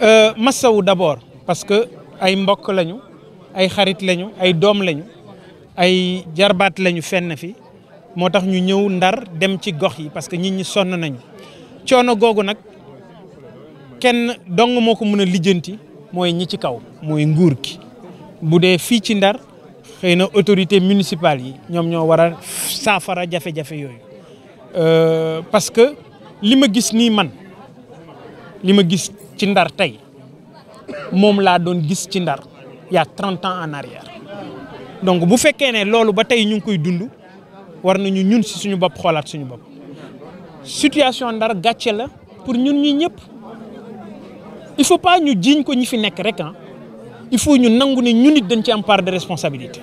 Euh, masawu d'abord parce que ay mbokk lañu ay xarit lañu ay doom lañu ay jarbaat lañu fenn fi moo tax ñu ñëw ndar dem ci gox yi parce que nit ñi sonn nañu coono googu nag kenn dong moo ko mën a lijjanti mooy ñi ci kaw mooy nguur gi bu dee fii ci ndar xëy na autorité municipale yi ñoom ñoo war a saafara jafe-jafe yooyu euh, parce que li ma gis nii man li ma gis ci ndar tey moom laa doon gis ci ndar y'a trente ans en arrière donc bu fekkee ne loolu ba tey ñu ngi koy dund war nañu ñun si suñu bopp xoolaat suñu bopp situation ndar gàcce la pour ñun ñi ñëpp il faut pas ñu jiiñ ko ñi fi nekk rek ah il faut ñu nangu ne ñu nit dañ ci am part de responsabilité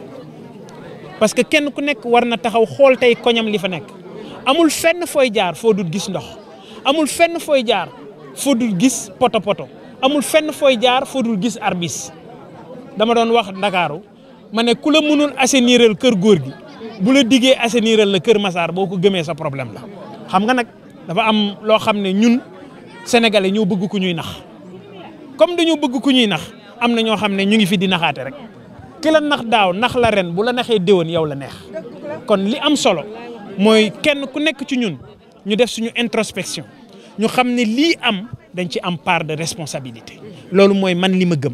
parce que kenn ku nekk war na taxaw xool tey koñam li fa nekk amul fenn fooy jaar foo dul gis ndox amul fenn fooy jaar foo dul gis poto poto amul fenn fooy jaar foo gis arbis dama doon wax ndakaaru ma ne ku la mënul assainiral kër góor gi bu la diggee assainiral la kër Massar boo ko gëmee sa problème la xam nga nag dafa am loo xam ne ñun sénégalais ñoo bëgg ku ñuy nax comme dañoo bëgg ku ñuy nax am na ñoo xam ne ñu ngi fi di naxaate rek ki nax daaw nax la ren bu la naxee déwén yow la neex kon li am solo mooy kenn ku nekk ci ñun ñu def suñu introspection ñu xam ne lii am dañ ci am part de responsabilité loolu mooy man li ma gëm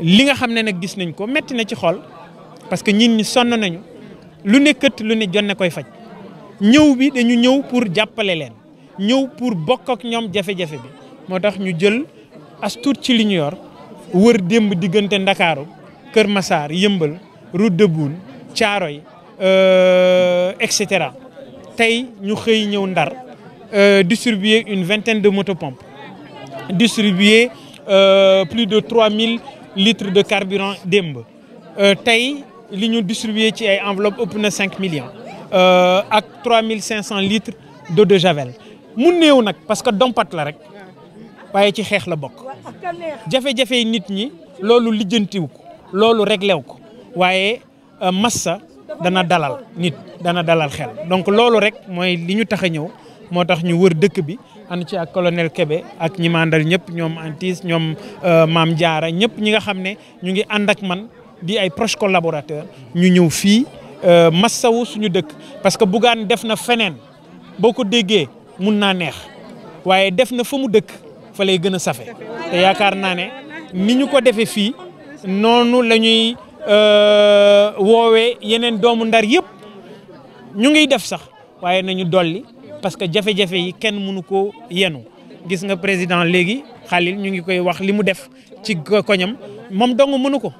li nga xam ne nag gis nañ ko metti na ci xol parce que nit ñi sonn nañu lu ne kët lu ne jonne koy faj ñëw bi dañu ñëw pour jàppale leen ñëw pour bokk ak ñoom jafe-jafe bi moo tax ñu as tuut ci li ñu yor wër démb diggante ndakaaru Kër Massar yëmbal route de Boune Thiaroye euh, et cetera tey ñu xëy ñëw ndar euh, distribuer une vingtaine de motopompes distribuer euh, plus de mille litres de carburant démb tey li ñu distribuer ci ay enveloppe ëpp na cinq millions ak 3500 litres d'eau de javel mu néew nag parce que dompat la rek. waaye ci xeex la bokk jafe-jafe nit ñi loolu lijjantiw ko loolu réglew ko waaye euh, massa dana dalal nit dana dalal xel donc loolu rek mooy li ñu tax a ñëw moo tax ñu wër dëkk bi ànd ci ak colonel kebe ak ñi ma àndal ñëpp ñoom Antis ñoom euh, Maam Jaara ñëpp ñi nga xam ne ñu ngi ànd ak man di ay proche collaborateur ñu ñëw fii euh, massawu suñu dëkk parce que Bougane def na feneen boo ko déggee mun naa neex waaye def na fa mu dëkk fa lay gën a safe te yaakaar naa ne ni ñu ko defee fii noonu la ñuy euh, woowee yeneen doomu ndar yëpp ñu ngi def sax waaye nañu dolli parce que jafe-jafe yi kenn mënu ko yenu gis nga président léegi Khalil ñu ngi koy wax li mu def ci koñam moom dong mënu ko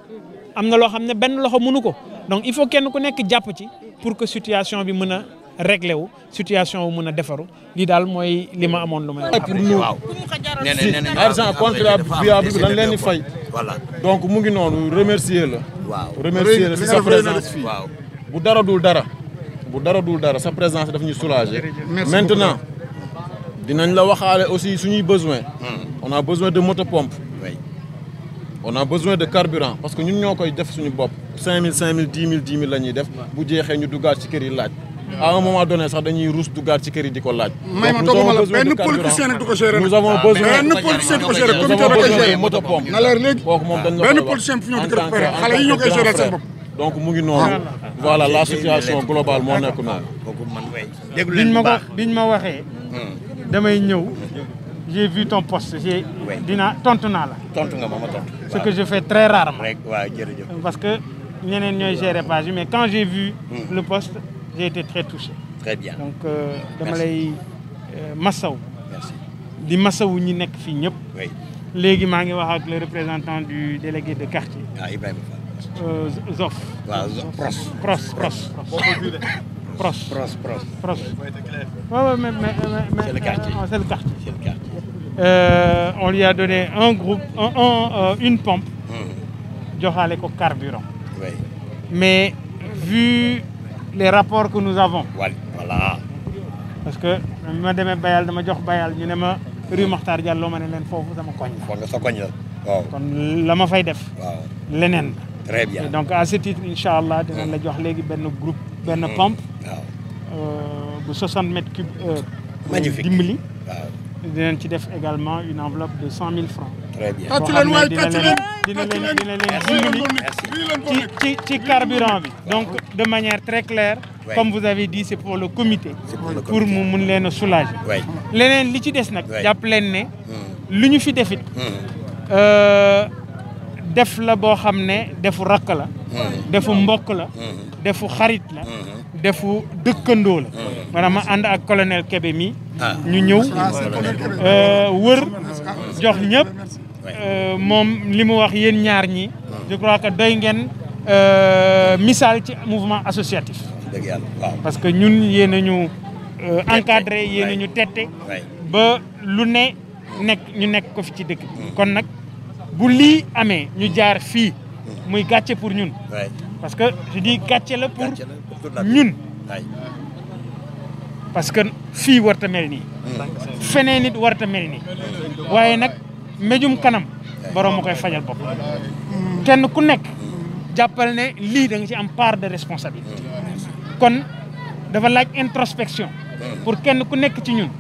am na loo xam ne benn loxo mënu ko donc il faut kenn ku nekk jàpp ci pour que situation bi mën a réglé wu situation wu mun a defaru lii daal mooy li ma amoon lu may wax. pour nous argent contribuable bi dañ leen di fay. voilà donc mu ngi noonu remercier la. waaw remercier la si sa présence fii. bu dara dul dara. bu dara dul dara sa présence daf ñu soulager. maintenant dinañ la waxaale aussi suñuy besoin hmm. on a besoin de motopompe. on a besoin de carburant parce que ñun ñoo koy def suñu bopp. 5000 5000 10 000 10 la ñuy def. bu jeexee ñu duggaat ci kër yi laaj. à un moment donné sax dañuy ruus duggaat ci kër di ko laaj. may ma la benn du ko gérer. nous avons ah, besoin benn politicien du benn politicien bu fi ñëw di ko donc mu ngi noonu. Ah. voilà la situation globale moo nekk noonu. biñ ma ko biñ ma waxee. Hmm. damay ñëw. j'ai vu ton poste j'ai dinaa tontu naa la. tontu nga ma ma tontu. ce que je fais très rarement. rek parce que ñeneen ñooy gérer page mais quand j'ai vu. Hmm. le poste. j'ai été très touché. très bien donc euh, dama lay euh, masaw. merci di masawu ñi nekk fii ñëpp. oui léegi maa ngi wax ak le représentant du délégué de quartier. ah Ibrahima Fall. Euh, Zof. waaw Pros. Pros Pros le quartier c'est le quartier. on lui a donné un groupe un, un, une pompe joxaale ko carburant mais vu les rapport que nous avons. voilà. parce que bi ma demee Bayal dama jox Bayal ñu ne ma rue Makhtar Diallo ma ne leen foofu sama koñ la. kon sa koñ la la ma fay def. leneen. très donc à ce titre allah dinañ la jox léegi benn groupe benn mm-hmm. pompe. waaw euh, bu 60 mètres euh, leen ci def également une enveloppe de cent mille francs. très bien boo ci ci carburant bi. donc de manière très claire. comme vous avez dit c'est pour le comité. pour mu mun leen a soulager. leneen li ci des nag. jàpp leen ne. Hmm. lu ñu fi defit hmm. euh, def la boo xam ne defu rakk la. Hmm. defu mbokk la. defu xarit la. defu dëkkandoo la maanaam ma ànd ak colonel Kébé mi ah. ñu ñëw ah, euh, wër jox ñëpp euh, moom li mu wax yéen ñaar ñi je crois que doy ngeen euh, misaal ci mouvement associatif parce que ñun yéen a ñu encadré yéen ñu tete ba lu ne nekk ñu nekk ko fi ci dëkk mm. kon nag bu lii amee ñu jaar fii mm. muy gàcce pour ñun parce que je dis la pour ñun parce que fii warta mel nii feneen nit warta mel nii waaye nag méjum kanam borom ma koy fajal bopp kenn ku nekk jàppal ne lii da nga ci am part de responsabilité kon dafa laaj introspection pour kenn ku nekk ci ñun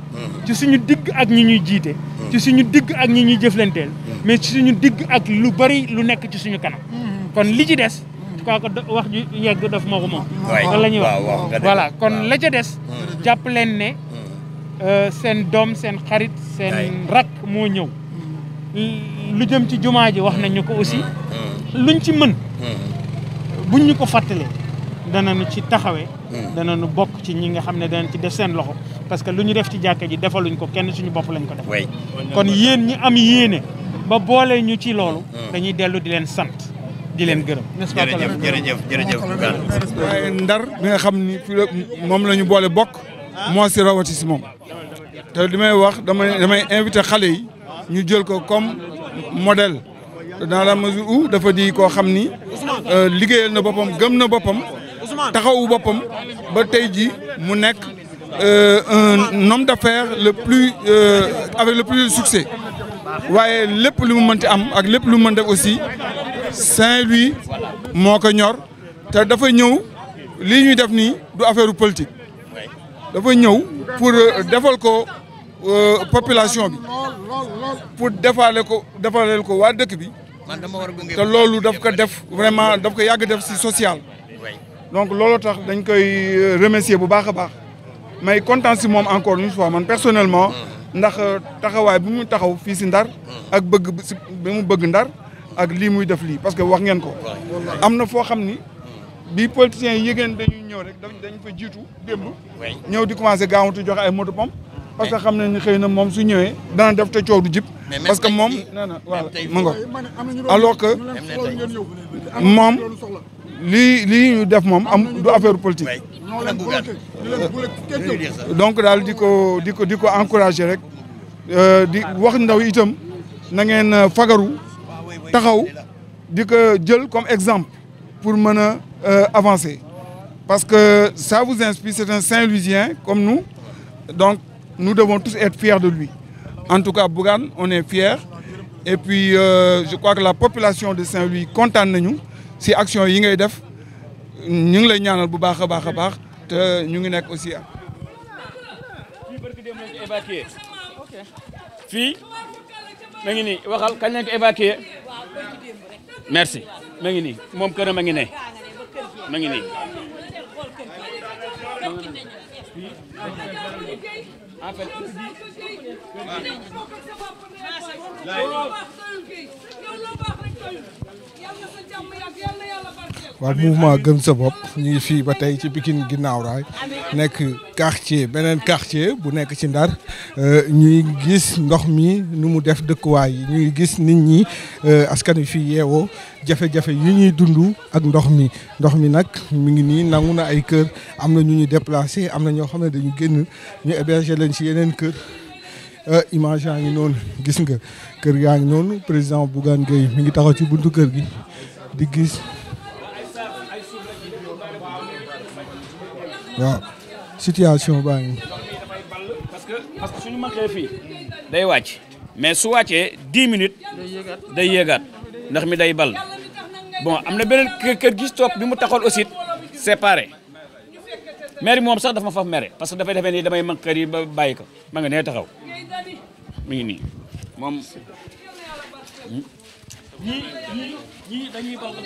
ci suñu digg ak ñi ñuy jiite ci suñu digg ak ñi ñuy jëflanteel mais ci suñu digg ak lu bari lu nekk ci suñu kanam kon li ci des kooku wax ju yegg daf moo ko moom loolu la ñuy wax voilà kon la ca des mm. jàpp leen ne mm. euh, seen doom seen xarit seen rakk moo ñëw mm. lu jëm ci jumaa ji wax nañu ko aussi luñ ci mën buñ ñu ko fàttalee nu ci taxawee nu bokk ci ñi nga xam ne danañ ci def seen loxo parce que lu ñu def ci jàkka ji defaluñ ko kenn suñu bopp lañ ko def kon yéen ñi am yéene ba boole ñu ci loolu dañuy dellu di leen sant di leen gërëm. jërëjëf jërëjëf jërëjëf waaye ndar bi xam ni moom la ñu boole bokk moo si rawati si moom te li may wax damay damay invité xale yi ñu jël ko comme modèle dans la mesure où dafa di koo xam ni euh, liggéeyal na boppam gëm na boppam taxawu boppam ba tey ji mu nekk euh, un homme d'affaires le plus euh, avec le plus de waaye lépp lu mu mënti am ak lépp lu mu mën def aussi Saint-Louis moo ko ñor te dafa ñëw lii ñuy def nii du affaire politique dafa ñëw pour euh, defal ko euh, population bi pour defaale ko defaaleel ko waa dëkk bi te loolu daf ko def vraiment daf ko yàgg def si social donc looloo tax dañ koy euh, remercier bu baax a baax may kontaan si moom encore une fois man personnellement mm. ndax taxawaay bi mu taxaw fii si Ndar mm. ak bëgg bi mu bëgg Ndar ak lii muy def lii parce que wax ngeen ko am na foo xam ni bi politiciens yi yëgeen dañuy ñëw rek dañ fa jiitu démb ñëw di commencé gaawantu jox ay moto moom parce que xam nañ ni xëy na moom su ñëwee dana def te coow du jib parce que moom nee na voilà ma nga alors que moom lii lii ñu def moom am du affaire politique donc daal di ko di ko di ko encouragé rek euh, di wax ndaw itam na ngeen euh, fagaru taxaw di ko jël comme exemple pour mën a euh, avancer parce que ça vous inspire c'est un Saint-Louisien comme nous donc nous devons tous être fiers de lui en tout cas Bougane on est fiers et puis euh, je crois que la population de Saint-Louis kontaan nañu si action yi ngay def ñu ngi lay ñaanal bu baax a baax a baax te ñu ngi nekk aussi a fii ma waxal kañ lañ ko merci ma ngi nii moom këram a ngi ne ma ngi nii en fait. waaw gëm sa bopp ñu ngi fii ba tey ci Pikine ginnaaw nekk quartier beneen quartier bu nekk ci Ndar euh, ñuy gis ndox mi nu mu def dëkkuwaay yi ñuy gis nit ñi euh, askan wi fii yeewoo jafe-jafe yi ñuy dund ak ndox mi ndox mi nag mu ngi nii nangu na ay kër am na ñu ñu déplacé am na ñoo xam ne dañu génn ñu hébergé nañ si yeneen kër ah, image yaa ngi noonu gis nga kër yaa ngi noonu président Bougane Gueye mi ngi taxaw ci buntu kër gi di gis waaw situation baa ngi parce que suñu maxee fii day wàcc mais su wàccee dix minutes day yéegaat ndax mi day bal bon am na beneen kër gi topp bi mu taxoon aussi séparé maire moom sax dafa ma faf mere parce que dafay defee nii damay mag kër ba bàyyi ma nga nee taxaw mi ngi nii moom ñii ñii dañuy bokk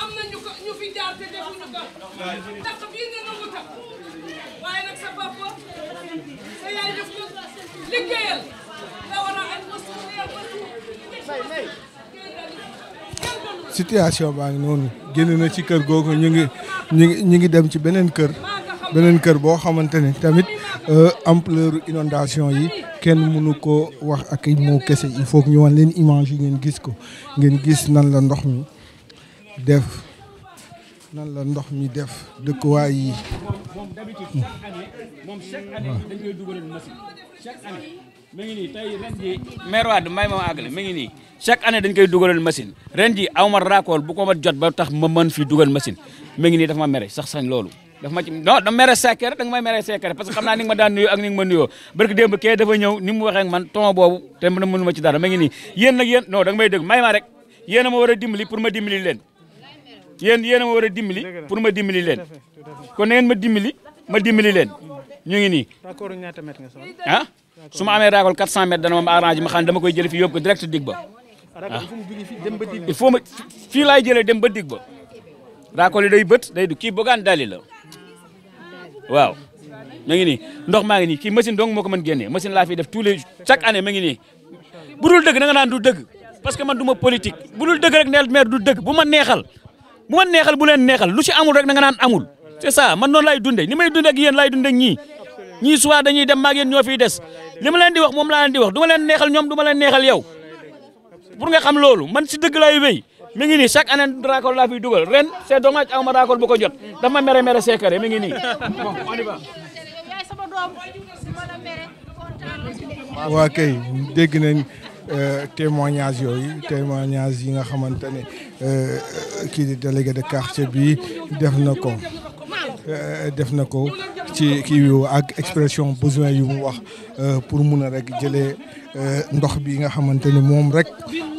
am na ñu fi jaar te defuñu ko situation baa ngi noonu génn na ci kër googu ñu ngi ñu ngi ñu ngi dem ci beneen kër beneen kër boo xamante ne tamit euh, ampleur inondation yi kenn mënu ko wax ak moo kese il faut que ñu leen image yi ngeen gis ko ngeen gis nan la ndox mi def nan la ndox mi def dëkkuwaay yi. Hmm. mi ngi nii tey may ma àggale mi ngi nii chaque année dañ koy dugalal machine ren ji aw ma raakool bu ko ma jot ba tax ma mën fi dugal machine mi ngi nii dafa ma mere sax loolu dafa ma ci non da mere sekkere da nga may mere sekkere parce que xam naa ni nga ma daan nuyoo ak ni nga ma kee dafa ñëw ni mu waxee ak man toma boobu te mënu ma ci dara mi ngi nii yéen nag yéen non da nga may may ma rek yéen a ma war a dimbali pour ma dimbali leen a ma a dimbali leen kon na ngeen ma dimbali ma dimbali leen ñu ngi su ma amee raakol 400 mètres dana ma arrangé ma xam ne dama koy jëlee fi yóbbu ko direct ba waaw ah. il faut ma fii laay jëlee dem ba dig ba raakol yi day bët day du kii bogaan daali la waaw ma ndox maa ngi nii kii machine dong moo ko mën génnee machine laa fiy def tous les chaque année ma ngi nii bu dul dëgg da nga naan du dëgg parce que man du ma politique bu dul dëgg rek neel maire du dëgg bu ma neexal bu ma neexal bu leen neexal lu si amul rek da nga naan amul c'est man noonu lay dundee ni may dundee ak yéen lay dundee ñii ñii suba dañuy dem maag ñoo fiy des li ma leen di wax moom laa leen di wax du ma leen neexal ñoom du ma leen neexal yow pour nga xam loolu man si dëgg laay wéy mi ngi nii chaque année raccord laa fiy dugal ren c'est dommage aw ma raccord bu ko jot dafa ma mere mere seekare mi ngi nii bon on y waa kay dégg nañ euh, témoignage yooyu témoignage yi nga xamante ne euh, kii di délégué de quartier bi def na ko euh, def na ko ci kii ak expression besoin yu mu wax euh, pour mun a rek jëlee euh, ndox bi nga xamante ni moom rek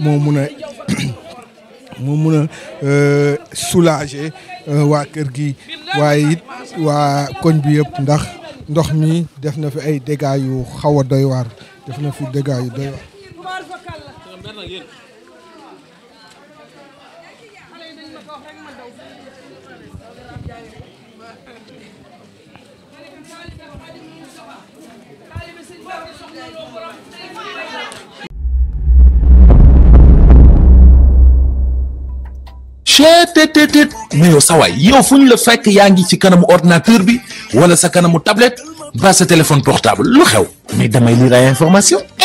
moo mun a moo mun a euh, soulager waa kër gi waaye it waa koñ bi yëpp ndax ndox mi def na fi ay dégâts yu xaw a doy waar def na fi dégâts yu doy waar. cheetetetet mais yow sa waay yow fu la fekk yaa ngi ci kanamu ordinateur bi wala sa kanamu tablette ba sa téléphone portable lu xew damay lire ay information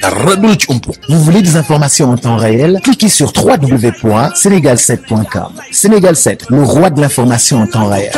dara du la Vous voulez des informations en temps réel? Cliquez sur www.senegal7.com. Sénégal 7, le roi de l'information en temps réel.